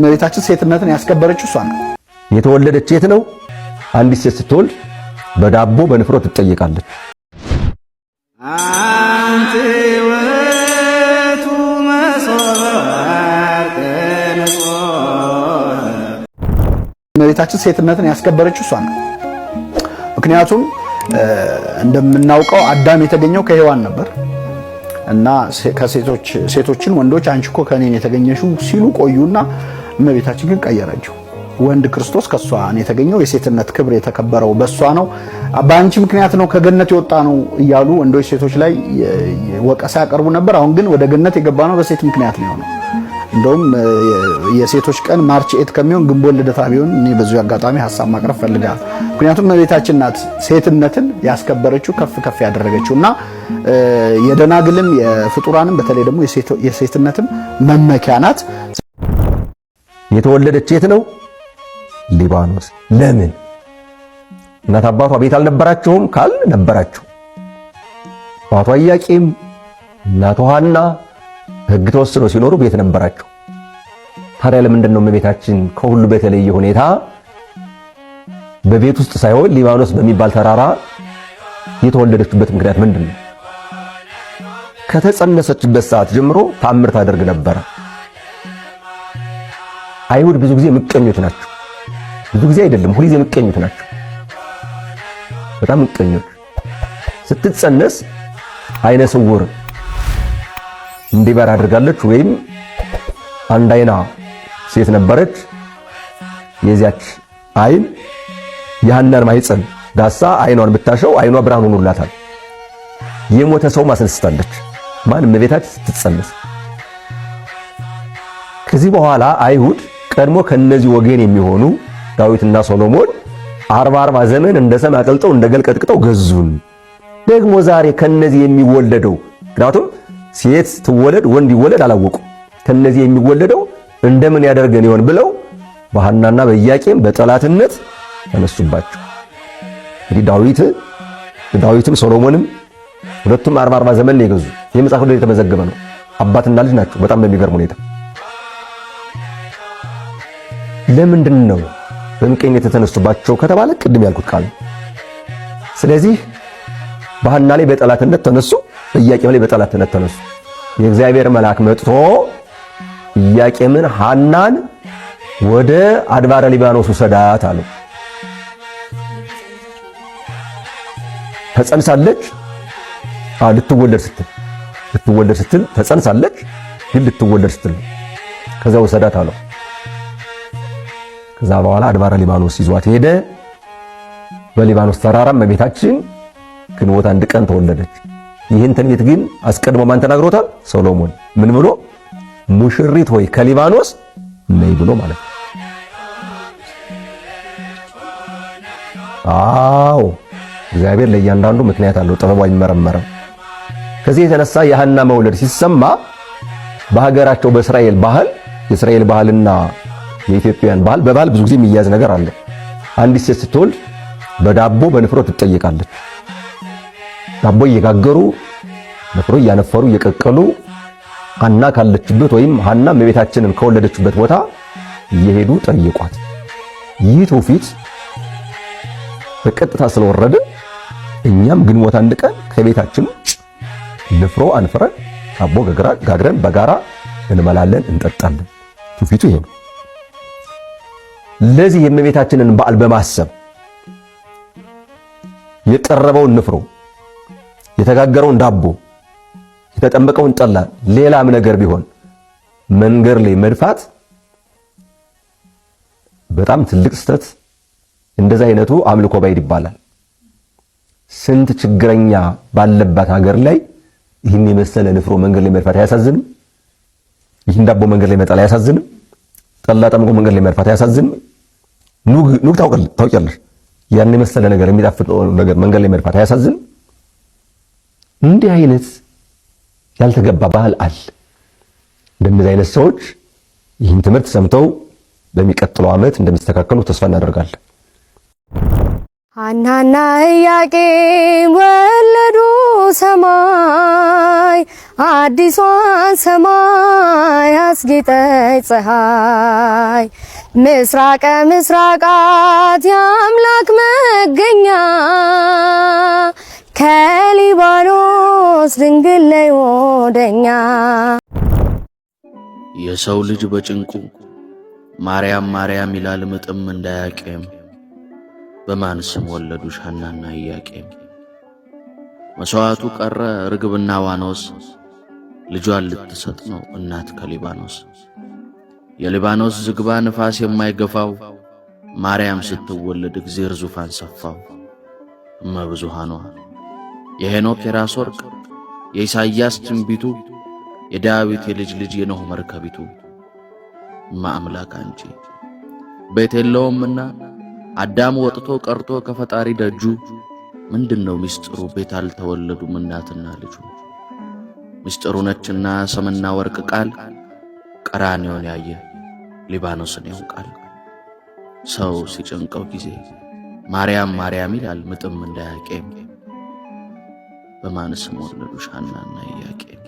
እመቤታችን ሴትነትን ያስከበረችው እሷ ነው። የተወለደች ሴት ነው። አንዲት ሴት ስትወልድ በዳቦ በንፍሮ ትጠየቃለች። አንቲ ውእቱ መሶበ እመቤታችን ሴትነትን ያስከበረችው እሷ ነው። ምክንያቱም እንደምናውቀው አዳም የተገኘው ከሔዋን ነበር። እና ሴቶችን ወንዶች አንቺ እኮ ከኔን የተገኘሽው ሲሉ ቆዩና እመቤታችን ግን ቀየረችው። ወንድ ክርስቶስ ከእሷ የተገኘው የሴትነት ክብር የተከበረው በእሷ ነው፣ በአንቺ ምክንያት ነው ከገነት የወጣ ነው እያሉ ወንዶች ሴቶች ላይ ወቀሳ ያቀርቡ ነበር። አሁን ግን ወደ ገነት የገባ ነው በሴት ምክንያት ነው የሆነው። እንደውም የሴቶች ቀን ማርች ኤት ከሚሆን ግንቦት ልደታ ቢሆን እኔ በዚሁ አጋጣሚ ሀሳብ ማቅረብ ፈልጋ ምክንያቱም እመቤታችን ናት ሴትነትን ያስከበረችው ከፍ ከፍ ያደረገችው እና የደናግልም የፍጡራንም በተለይ ደግሞ የሴትነትም መመኪያ ናት። የተወለደች የት ነው? ሊባኖስ። ለምን እናት አባቷ ቤት አልነበራቸውም? ካል ነበራቸው አባቷ ኢያቄም እናቷ ሐና ህግ ተወስኖ ሲኖሩ ቤት ነበራቸው። ታዲያ ለምንድን ነው እመቤታችን ከሁሉ በተለየ ሁኔታ በቤት ውስጥ ሳይሆን ሊባኖስ በሚባል ተራራ የተወለደችበት ምክንያት ምንድን ነው? ከተጸነሰችበት ሰዓት ጀምሮ ታምር ታደርግ ነበረ። አይሁድ ብዙ ጊዜ ምቀኞች ናቸው። ብዙ ጊዜ አይደለም፣ ሁልጊዜ ምቀኞች ናቸው። በጣም ምቀኞች። ስትጸነስ አይነ ስውር እንዲበር አድርጋለች። ወይም አንድ አይና ሴት ነበረች። የዚያች አይን የሐናን ማይጽን ዳሳ አይኗን ብታሸው አይኗ ብርሃን ሆኖላታል። የሞተ ሰው ማስነስታለች። ማን እመቤታችን ስትጸነስ። ከዚህ በኋላ አይሁድ ቀድሞ ከነዚህ ወገን የሚሆኑ ዳዊትና ሶሎሞን አርባ አርባ ዘመን እንደ ሰም አቀልጠው እንደ ገል ቀጥቅጠው ገዙን። ደግሞ ዛሬ ከነዚህ የሚወለደው ምክንያቱም ሴት ትወለድ ወንድ ይወለድ አላወቁ። ከነዚህ የሚወለደው እንደምን ያደርገን ይሆን ብለው በሐናና በኢያቄም በጠላትነት ተነሱባቸው። እንግዲህ ዳዊት ዳዊትም ሶሎሞንም ሁለቱም አርባ አርባ ዘመን ነው የገዙ። ይህ መጽሐፍ ላይ የተመዘገበ ነው። አባትና ልጅ ናቸው። በጣም በሚገርም ሁኔታ ለምንድን ነው በምቀኝነት የተነሱባቸው ከተባለ ቅድም ያልኩት ቃል። ስለዚህ በሐና ላይ በጠላትነት ተነሱ። ኢያቄም ላይ በጠላትነት ተነሱ። የእግዚአብሔር መልአክ መጥቶ ኢያቄምን ሐናን ወደ አድባረ ሊባኖስ ውሰዳት አለው። ተጸንሳለች። ልትወለድ ስትል ልትወለድ ስትል ተጸንሳለች፣ ግን ልትወለድ ስትል ከዛ ውሰዳት አለው። ከዛ በኋላ አድባረ ሊባኖስ ይዟት ሄደ። በሊባኖስ ተራራም መቤታችን ግንቦት አንድ ቀን ተወለደች። ይህን ትንቢት ግን አስቀድሞ ማን ተናግሮታል? ሶሎሞን ምን ብሎ ሙሽሪት ሆይ ከሊባኖስ ነይ ብሎ ማለት ነው። አዎ እግዚአብሔር ለእያንዳንዱ ምክንያት አለው፣ ጥበቡ አይመረመርም። ከዚህ የተነሳ የሐና መውለድ ሲሰማ በሀገራቸው በእስራኤል ባህል የእስራኤል ባህልና የኢትዮጵያን ባህል በባህል ብዙ ጊዜ የሚያዝ ነገር አለ። አንዲት ሴት ስትወልድ በዳቦ በንፍሮ ትጠየቃለች። ዳቦ እየጋገሩ ንፍሮ እያነፈሩ እየቀቀሉ ሐና ካለችበት ወይም ሐና እመቤታችንን ከወለደችበት ቦታ እየሄዱ ጠይቋት። ይህ ትውፊት በቀጥታ ስለወረደ እኛም ግንቦት አንድ ቀን ከቤታችን ውጭ ንፍሮ አንፍረን ዳቦ ጋግረን በጋራ እንመላለን፣ እንጠጣለን። ትውፊቱ ይሄ ነው። ለዚህ የእመቤታችንን በዓል በማሰብ የቀረበውን ንፍሮ የተጋገረውን ዳቦ የተጠመቀውን ጠላ፣ ሌላም ነገር ቢሆን መንገድ ላይ መድፋት በጣም ትልቅ ስህተት። እንደዛ አይነቱ አምልኮ ባይድ ይባላል። ስንት ችግረኛ ባለባት ሀገር ላይ ይህን የመሰለ ንፍሮ መንገድ ላይ መድፋት አያሳዝንም? ይህን ዳቦ መንገድ ላይ መጣል አያሳዝንም? ጠላ ጠምቆ መንገድ ላይ መድፋት አያሳዝንም? ኑግ ኑግ ታውቂያለሽ? ያን የመሰለ ነገር የሚጣፍጥ ነገር መንገድ ላይ መድፋት አያሳዝንም? እንዲህ አይነት ያልተገባ ባህል አለ። እንደነዚህ አይነት ሰዎች ይህን ትምህርት ሰምተው በሚቀጥለው ዓመት እንደሚስተካከሉ ተስፋ እናደርጋለን። ሐናና ኢያቄም ወለዱ ሰማይ አዲሷን ሰማይ አስጌጠች ፀሐይ ምስራቀ ምስራቃት የአምላክ መገኛ ከሊባኖ ክርስቶስ ድንግል ነይ ወደኛ። የሰው ልጅ በጭንቁ ማርያም ማርያም ይላል ምጥም እንዳያቄም፣ በማን ስም ወለዱሽ ሐናና ኢያቄም? መሥዋዕቱ ቀረ ርግብና ዋኖስ፣ ልጇን ልትሰጥ ነው እናት ከሊባኖስ። የሊባኖስ ዝግባ ንፋስ የማይገፋው ማርያም ስትወለድ እግዜር ዙፋን ሰፋው። እመብዙሃኗ የሄኖክ የራስ ወርቅ የኢሳይያስ ትንቢቱ የዳዊት የልጅ ልጅ የኖኅ መርከቢቱ ማአምላክ አንቺ ቤት የለውምና አዳም ወጥቶ ቀርቶ ከፈጣሪ ደጁ ምንድነው ምስጢሩ? ቤት አልተወለዱም እናትና ልጁ ምስጢሩ ነችና ሰምና ወርቅ ቃል ቀራንዮን ያየ ሊባኖስን ያውቃል። ሰው ሲጨንቀው ጊዜ ማርያም ማርያም ይላል ምጥም እንዳያቄም በማን ወለዱሽ ሐናና ኢያቄም?